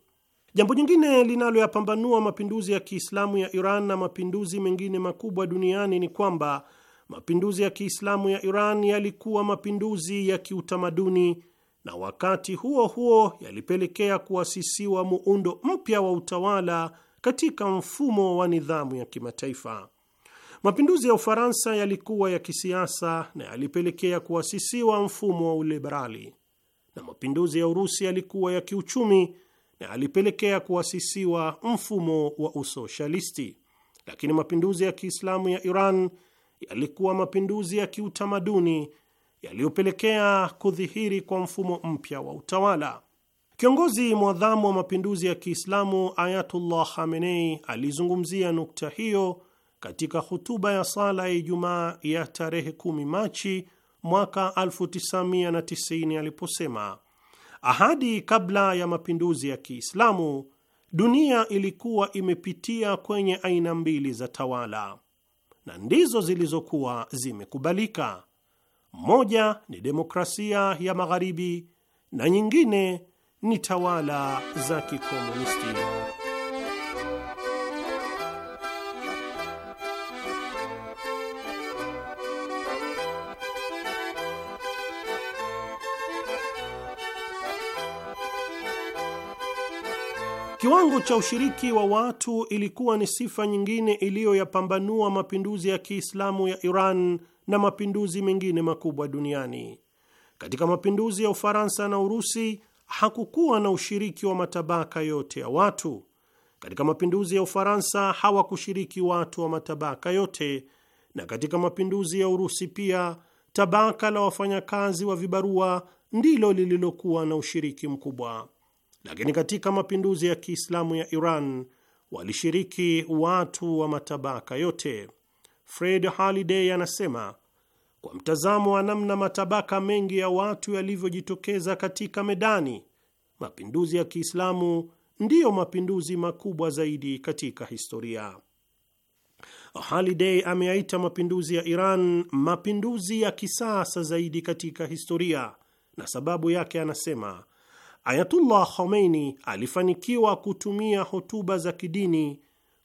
Speaker 5: Jambo jingine linaloyapambanua mapinduzi ya Kiislamu ya Iran na mapinduzi mengine makubwa duniani ni kwamba mapinduzi ya Kiislamu ya Iran yalikuwa mapinduzi ya kiutamaduni na wakati huo huo yalipelekea kuasisiwa muundo mpya wa utawala katika mfumo wa nidhamu ya kimataifa. Mapinduzi ya Ufaransa yalikuwa ya kisiasa na yalipelekea kuasisiwa mfumo wa uliberali, na mapinduzi ya Urusi yalikuwa ya kiuchumi na yalipelekea kuasisiwa mfumo wa usoshalisti. Lakini mapinduzi ya Kiislamu ya Iran yalikuwa mapinduzi ya kiutamaduni yaliyopelekea kudhihiri kwa mfumo mpya wa utawala. Kiongozi mwadhamu wa mapinduzi ya Kiislamu Ayatullah Khamenei alizungumzia nukta hiyo katika hutuba ya sala ya Ijumaa ya tarehe 10 Machi mwaka 1990 aliposema, ahadi kabla ya mapinduzi ya Kiislamu dunia ilikuwa imepitia kwenye aina mbili za tawala na ndizo zilizokuwa zimekubalika. Moja ni demokrasia ya magharibi na nyingine ni tawala za kikomunisti. Kiwango cha ushiriki wa watu ilikuwa ni sifa nyingine iliyoyapambanua mapinduzi ya Kiislamu ya Iran na mapinduzi mengine makubwa duniani. Katika mapinduzi ya Ufaransa na Urusi hakukuwa na ushiriki wa matabaka yote ya watu. Katika mapinduzi ya Ufaransa hawakushiriki watu wa matabaka yote, na katika mapinduzi ya Urusi pia tabaka la wafanyakazi wa vibarua ndilo lililokuwa na ushiriki mkubwa. Lakini katika mapinduzi ya Kiislamu ya Iran walishiriki watu wa matabaka yote. Fred Haliday anasema kwa mtazamo wa namna matabaka mengi ya watu yalivyojitokeza katika medani, mapinduzi ya Kiislamu ndiyo mapinduzi makubwa zaidi katika historia. Haliday ameyaita mapinduzi ya Iran mapinduzi ya kisasa zaidi katika historia, na sababu yake anasema Ayatullah Khomeini alifanikiwa kutumia hotuba za kidini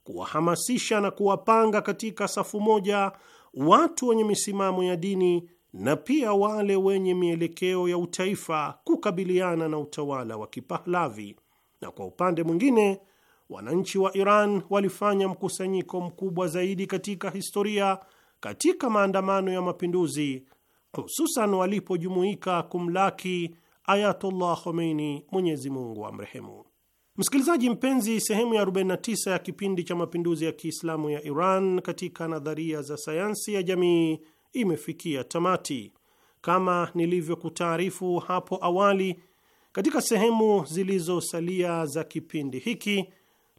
Speaker 5: kuwahamasisha na kuwapanga katika safu moja watu wenye misimamo ya dini na pia wale wenye mielekeo ya utaifa kukabiliana na utawala wa Kipahlavi. Na kwa upande mwingine, wananchi wa Iran walifanya mkusanyiko mkubwa zaidi katika historia katika maandamano ya mapinduzi, hususan walipojumuika kumlaki Ayatullah Khomeini, Mwenyezi Mungu amrehemu. Msikilizaji mpenzi, sehemu ya 49 ya kipindi cha mapinduzi ya Kiislamu ya Iran katika nadharia za sayansi ya jamii imefikia tamati. Kama nilivyokutaarifu hapo awali, katika sehemu zilizosalia za kipindi hiki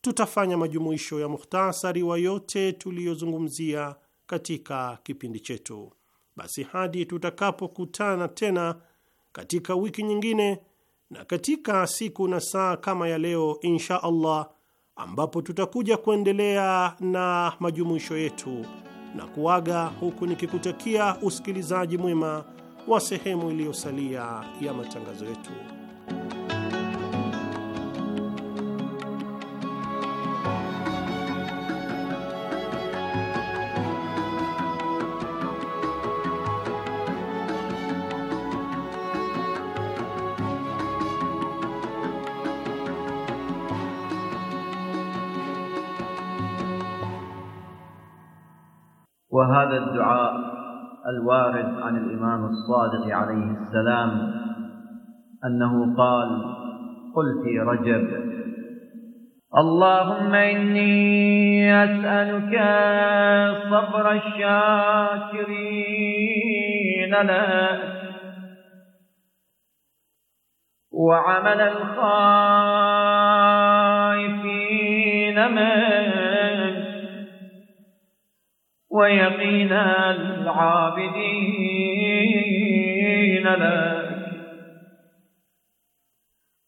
Speaker 5: tutafanya majumuisho ya mukhtasari wa yote tuliyozungumzia katika kipindi chetu. Basi hadi tutakapokutana tena katika wiki nyingine na katika siku na saa kama ya leo, insha Allah, ambapo tutakuja kuendelea na majumuisho yetu na kuaga huku nikikutakia usikilizaji mwema wa sehemu iliyosalia ya matangazo yetu.
Speaker 6: هذا الدعاء الوارد عن الإمام الصادق عليه السلام أنه قال
Speaker 7: قل في رجب اللهم إني أسألك
Speaker 6: صبر الشاكرين لك وعمل الخائفين منك ويقينا العابدين لك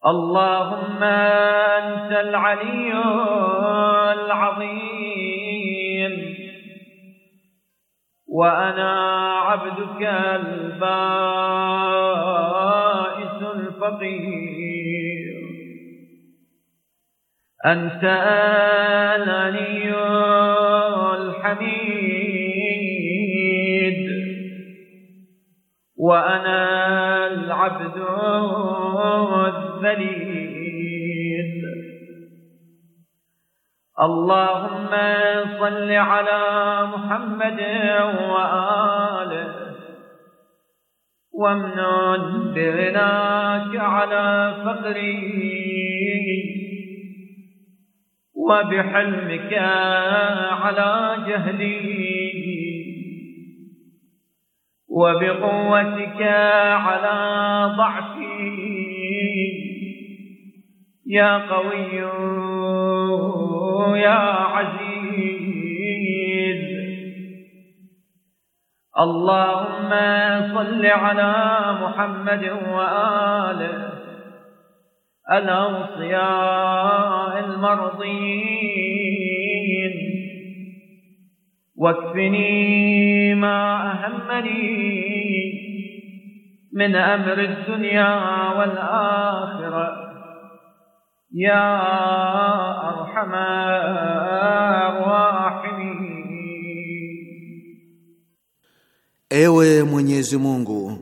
Speaker 6: اللهم أنت العلي العظيم وأنا عبدك البائس الفقير أنت الغني حميد وأنا العبد الذليل اللهم صل على محمد وآله وامنن بغناك على فقري وبحلمك على جهلي وبقوتك على ضعفي يا قوي يا عزيز اللهم صل على محمد وآله الأوصياء المرضين واكفني ما أهمني من أمر الدنيا والآخرة يا أرحم الراحمين
Speaker 8: ايوه Mwenyezi مونغو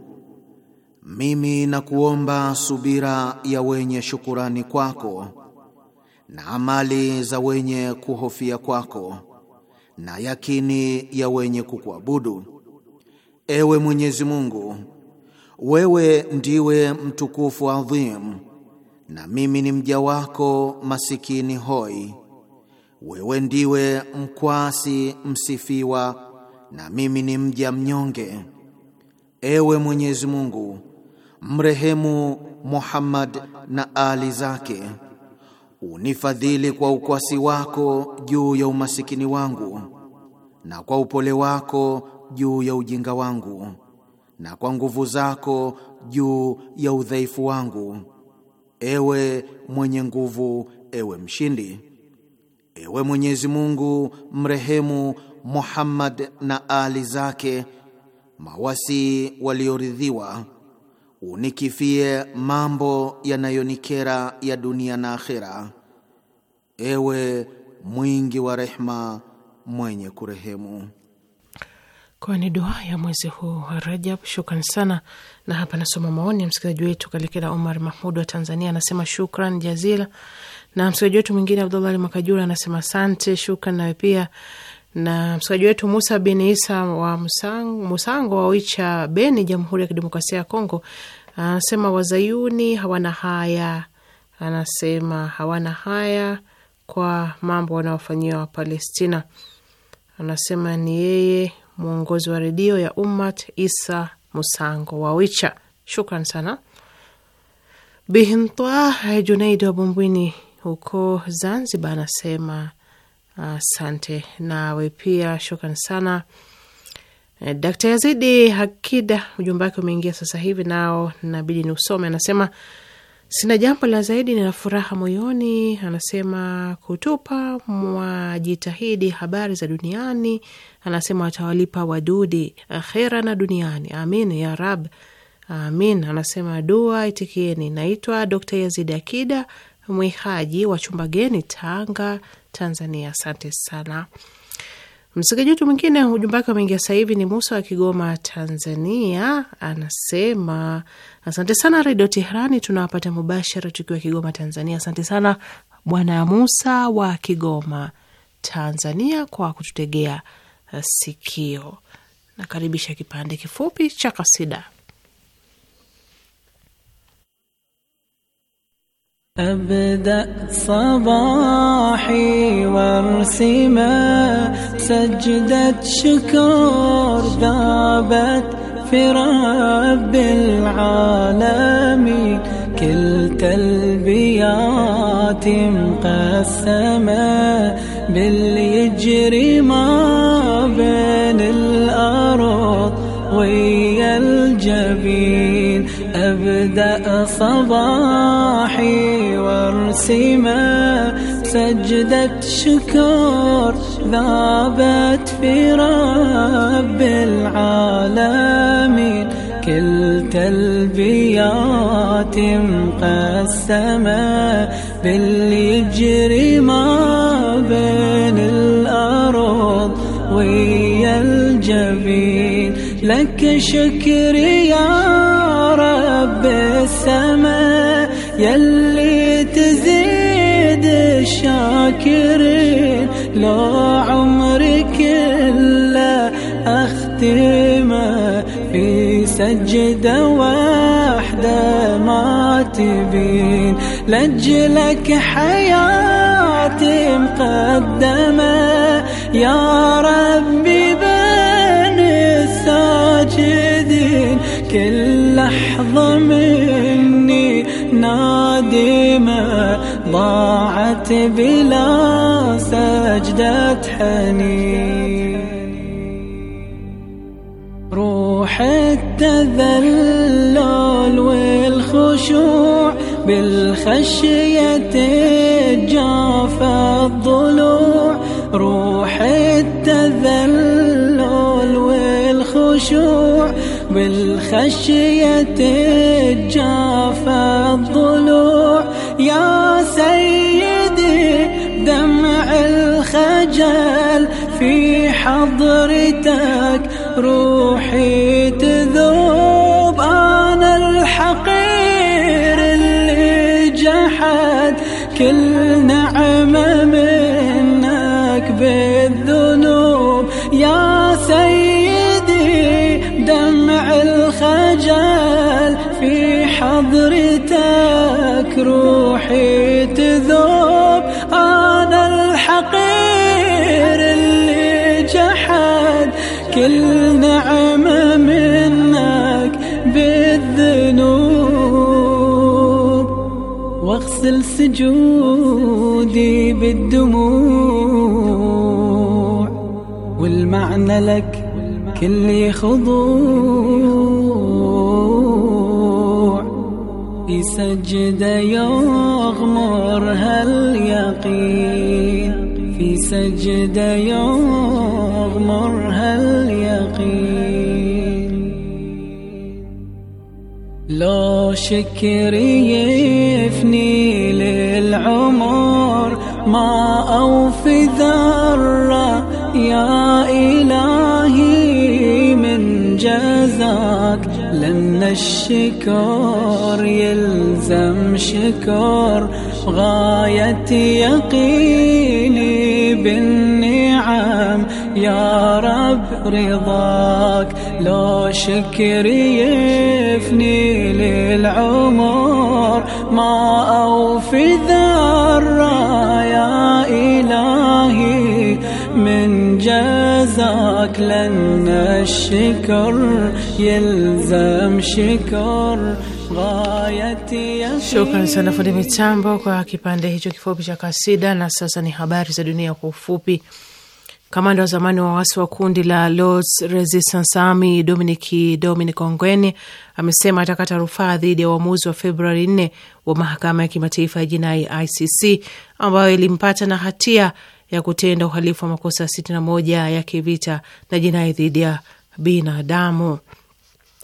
Speaker 8: Mimi nakuomba subira ya wenye shukurani kwako na amali za wenye kuhofia kwako na yakini ya wenye kukuabudu. Ewe Mwenyezi Mungu, wewe ndiwe mtukufu adhim, na mimi ni mja wako masikini hoi. Wewe ndiwe mkwasi msifiwa, na mimi ni mja mnyonge. Ewe Mwenyezi Mungu, mrehemu Muhammad na ali zake, unifadhili kwa ukwasi wako juu ya umasikini wangu, na kwa upole wako juu ya ujinga wangu, na kwa nguvu zako juu ya udhaifu wangu. Ewe mwenye nguvu, ewe mshindi, ewe Mwenyezi Mungu, mrehemu Muhammad na ali zake, mawasi walioridhiwa unikifie mambo yanayonikera ya dunia na akhera, ewe mwingi wa rehma, mwenye kurehemu.
Speaker 3: Kwa ni dua ya mwezi huu wa Rajab. Shukran sana. Na hapa nasoma maoni ya msikilizaji wetu Kalikila Omar Mahmud wa Tanzania, anasema shukran jazila. Na msikilizaji wetu mwingine Abdullah Ali Makajura anasema asante, shukran nawe pia. Na msikilizaji wetu Musa bin Isa wa Musango, Musango wa Wicha Beni, Jamhuri ya Kidemokrasia ya Kongo Anasema wazayuni hawana haya, anasema hawana haya kwa mambo wanaofanyia Wapalestina. Anasema ni yeye mwongozi wa redio ya Ummat Isa Musango Wawicha. Shukran sana. Bihintwa eh, Junaidi wa Bumbwini huko Zanzibar anasema asante. Uh, nawe pia shukran sana. Eh, Dkt. Yazidi Hakida, ujumbe wake umeingia sasa hivi, nao nabidi ni usome. Anasema sina jambo la zaidi, nina furaha moyoni. Anasema kutupa mwajitahidi habari za duniani, anasema watawalipa wadudi akhera na duniani. Amin ya rab, amin. Anasema dua itikieni. Naitwa Dr Yazidi Akida, mwihaji wa chumba geni Tanga, Tanzania. Asante sana. Msikilizaji wetu mwingine ujumbe wake umeingia sasa hivi ni Musa wa Kigoma, Tanzania. Anasema asante sana Redio Teherani, tunawapata mubashara tukiwa Kigoma, Tanzania. Asante sana Bwana Musa wa Kigoma, Tanzania, kwa kututegea eh, sikio. Nakaribisha kipande kifupi cha kasida.
Speaker 9: أبدأ صباحي وارسما سجدة شكر ذابت في رب العالمين كل تلبيات مقسمة باليجري ما بين الأرض ويا الجبين أبدأ صباحي وارسم سجدة شكر ذابت في رب العالمين كلتا البيات مقسمة باللي يجري ما بين الأرض ويا الجبين لك شكري يا فاكرين لو عمري كله أختمه في سجدة واحدة ما تبين لجلك حياتي مقدمة يا ربي بين الساجدين كل لحظة مني نادمه ضاعت بلا سجدة حنين روح التذلل والخشوع بالخشية جاف الضلوع روح التذلل والخشوع بالخشية جاف الضلوع وحيد ذوب أنا الحقير اللي جحد كل نعمة منك بالذنوب واغسل سجودي بالدموع والمعنى لك كل خضوع سجدة يغمرها اليقين في سجدة يغمرها اليقين لو شكر يفني للعمر ما أوفي ذرة يا الشكر يلزم شكر غاية يقيني بالنعم يا رب رضاك لو شكري يفني للعمر ما أوفي جزاك لنا الشكر
Speaker 3: يلزم شكر Shukran sana fundi mitambo kwa kipande hicho kifupi cha kasida. Na sasa ni habari za dunia kwa ufupi. Kamanda wa zamani wa wasi wa kundi la Lords Resistance Army Dominic Dominic Ongwen amesema atakata rufaa dhidi ya uamuzi wa Februari 4 wa mahakama ya kimataifa ya jinai ICC ambayo ilimpata na hatia ya kutenda uhalifu wa makosa moja ya kivita na jinai dhidi ya binadamu.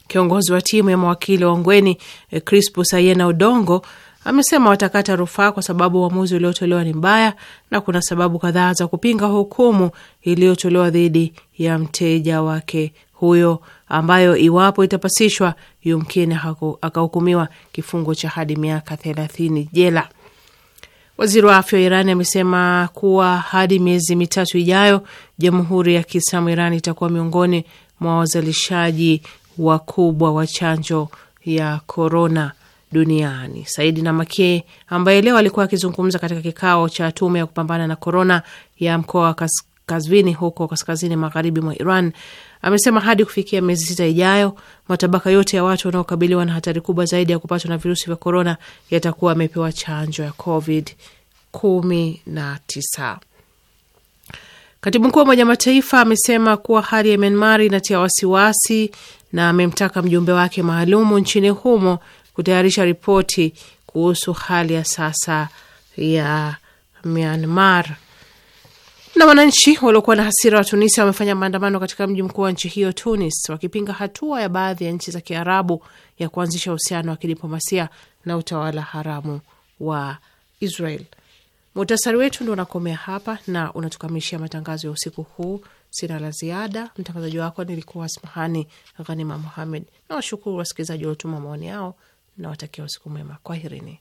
Speaker 3: Kiongozi wa timu ya mawakili wa Ongweni eh, Crispus Ayena Odongo amesema watakata rufaa kwa sababu uamuzi uliotolewa ni mbaya na kuna sababu kadhaa za kupinga hukumu iliyotolewa dhidi ya mteja wake huyo, ambayo iwapo itapasishwa, yumkini akahukumiwa kifungo cha hadi miaka thelathini jela. Waziri wa afya wa Irani amesema kuwa hadi miezi mitatu ijayo, Jamhuri ya Kiislamu Irani itakuwa miongoni mwa wazalishaji wakubwa wa chanjo ya korona duniani. Saidi Namake ambaye leo alikuwa akizungumza katika kikao cha tume ya kupambana na korona ya mkoa wa kas Kazvini huko kaskazini magharibi mwa Iran amesema hadi kufikia miezi sita ijayo matabaka yote ya watu wanaokabiliwa na hatari kubwa zaidi ya kupatwa na virusi vya korona yatakuwa yamepewa chanjo ya Covid 19. Katibu mkuu wa Umoja Mataifa amesema kuwa hali ya Myanmar inatia wasiwasi na amemtaka mjumbe wake maalumu nchini humo kutayarisha ripoti kuhusu hali ya sasa ya Myanmar. Na wananchi waliokuwa na hasira wa Tunisia wamefanya maandamano katika mji mkuu wa nchi hiyo Tunis, wakipinga hatua ya baadhi ya nchi za Kiarabu ya kuanzisha uhusiano wa kidiplomasia na utawala haramu wa Israel. Muhtasari wetu ndo unakomea hapa na unatukamilishia matangazo ya usiku huu. Sina la ziada. Mtangazaji wako nilikuwa Asmahani Ghanima Muhamed. Nawashukuru wasikilizaji waliotuma maoni yao na watakia usiku mwema. Kwaherini.